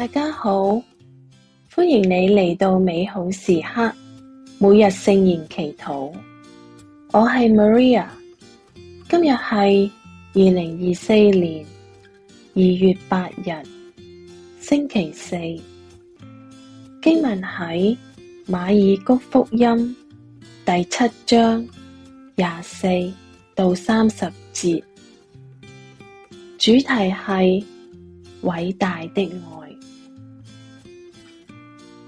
大家好，歡迎你嚟到美好時刻，每日聖言祈禱。我係 Maria，今日係二零二四年二月八日星期四。經文喺馬爾谷福音第七章廿四到三十節，主題係偉大的愛。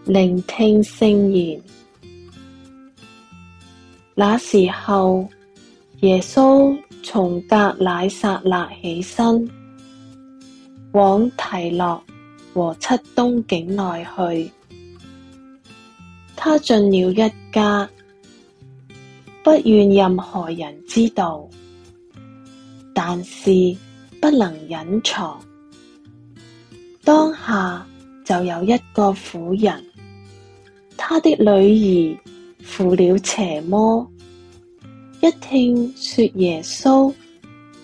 聆聽聖言。那時候，耶穌從革乃撒勒起身，往提洛和漆冬境內去。他進了一家，不願任何人知道，但是不能隱藏。當下就有一個婦人。他的女兒附了邪魔，一聽說耶穌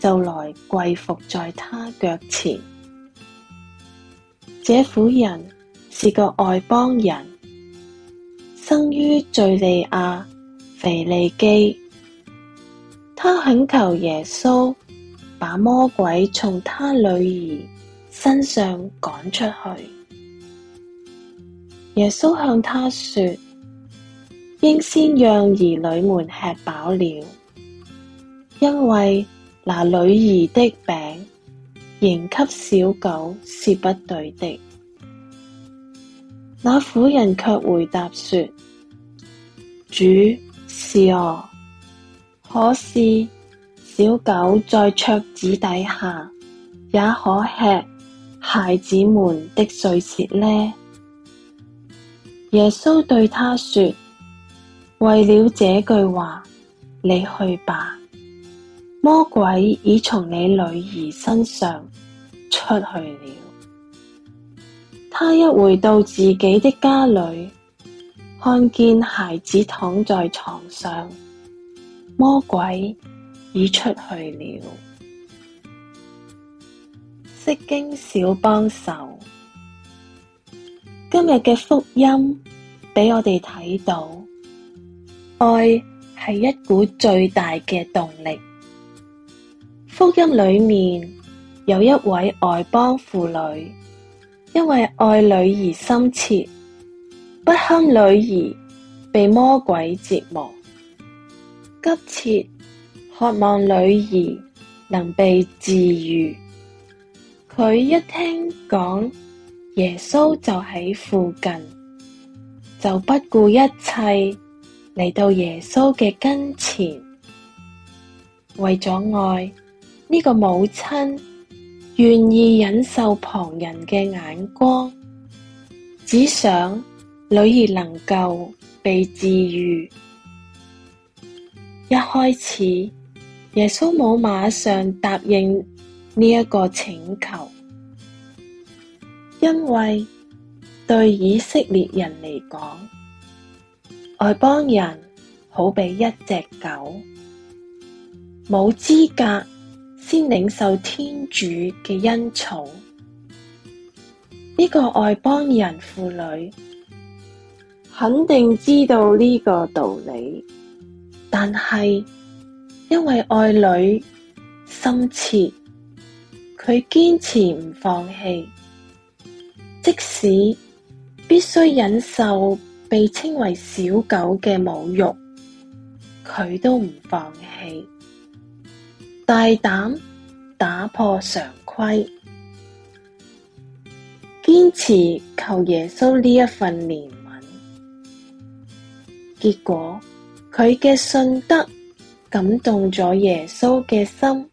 就來跪伏在他腳前。這婦人是個外邦人，生於敘利亞腓尼基，他懇求耶穌把魔鬼從他女兒身上趕出去。耶穌向他說：應先讓兒女們吃飽了，因為拿女兒的餅扔給小狗是不對的。那婦人却回答說：主是哦，可是小狗在桌子底下，也可吃孩子們的碎屑呢。耶穌對他說：為了這句話，你去吧。魔鬼已從你女兒身上出去了。他一回到自己的家裏，看見孩子躺在床上，魔鬼已出去了。釋經小幫手。今日嘅福音畀我哋睇到，愛係一股最大嘅動力。福音裏面有一位外邦婦女，因為愛女兒深切，不堪女兒被魔鬼折磨，急切渴望女兒能被治愈。佢一聽講。耶穌就喺附近，就不顧一切嚟到耶穌嘅跟前，為咗愛呢個母親，願意忍受旁人嘅眼光，只想女兒能夠被治愈。一開始，耶穌冇馬上答應呢一個請求。因為對以色列人嚟講，外邦人好比一隻狗，冇資格先領受天主嘅恩寵。呢、這個外邦人婦女肯定知道呢個道理，但係因為愛女深切，佢堅持唔放棄。即使必須忍受被稱為小狗嘅侮辱，佢都唔放棄，大膽打破常規，堅持求耶穌呢一份憐憫。結果，佢嘅信德感動咗耶穌嘅心，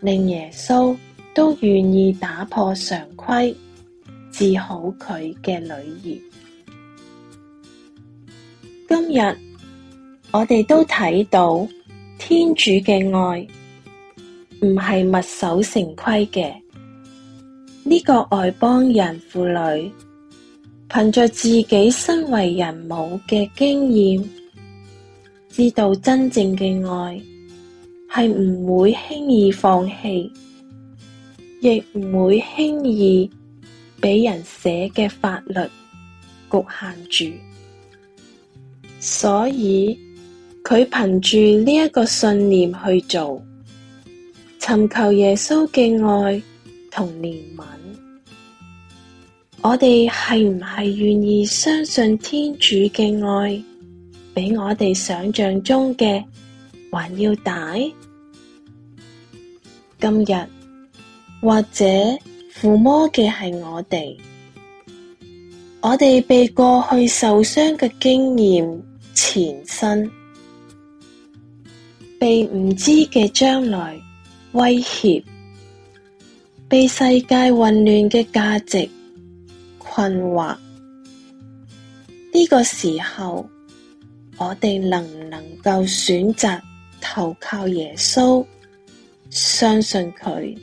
令耶穌都願意打破常規。治好佢嘅女兒。今日我哋都睇到天主嘅愛唔係墨守成規嘅。呢個外邦人婦女，憑着自己身為人母嘅經驗，知道真正嘅愛係唔會輕易放棄，亦唔會輕易，畀人寫嘅法律局限住，所以佢憑住呢一個信念去做，尋求耶穌嘅愛同憐憫。我哋係唔係願意相信天主嘅愛，比我哋想象中嘅還要大？今日或者，附魔嘅係我哋，我哋被過去受傷嘅經驗纏身，被唔知嘅將來威脅，被世界混亂嘅價值困惑。呢、這個時候，我哋能唔能夠選擇投靠耶穌，相信佢？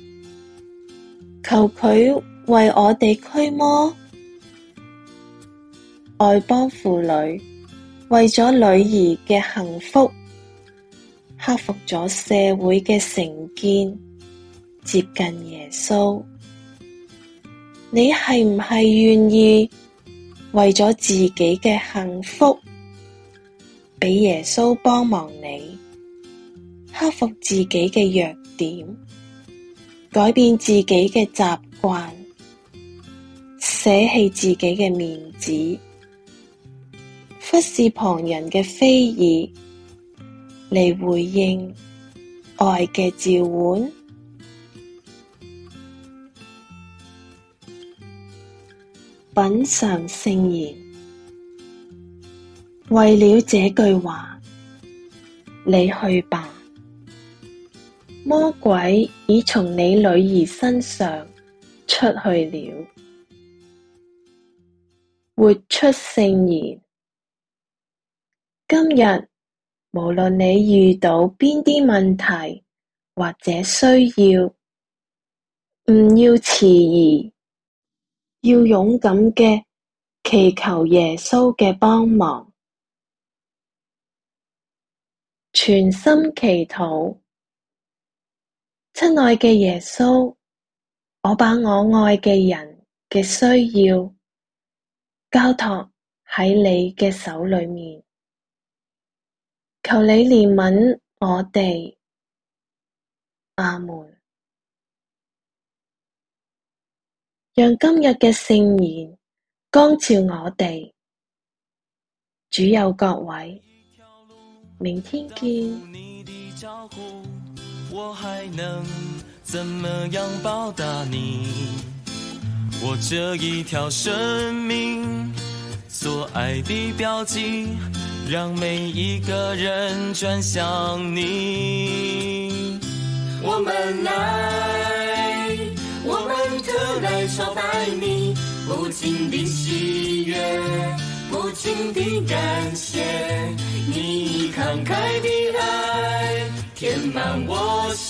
求佢為我哋驅魔，外邦婦女，為咗女兒嘅幸福，克服咗社會嘅成見，接近耶穌。你係唔係願意為咗自己嘅幸福，畀耶穌幫忙你，克服自己嘅弱點？改變自己嘅習慣，捨棄自己嘅面子，忽視旁人嘅非議，嚟回應愛嘅召喚。品嘗聖言。為了這句話，你去吧。魔鬼已從你女兒身上出去了。活出聖言。今日無論你遇到邊啲問題或者需要，唔要遲疑，要勇敢嘅祈求耶穌嘅幫忙，全心祈禱。親愛嘅耶穌，我把我愛嘅人嘅需要交託喺你嘅手裏面，求你憐憫我哋。阿門。讓今日嘅聖言光照我哋，主佑各位，明天見。我還能怎麼樣報答你？我這一條生命，做愛的標記，讓每一個人轉向你。我們來，我們特來朝拜你，不盡的喜悅，不盡的感謝，你慷慨的。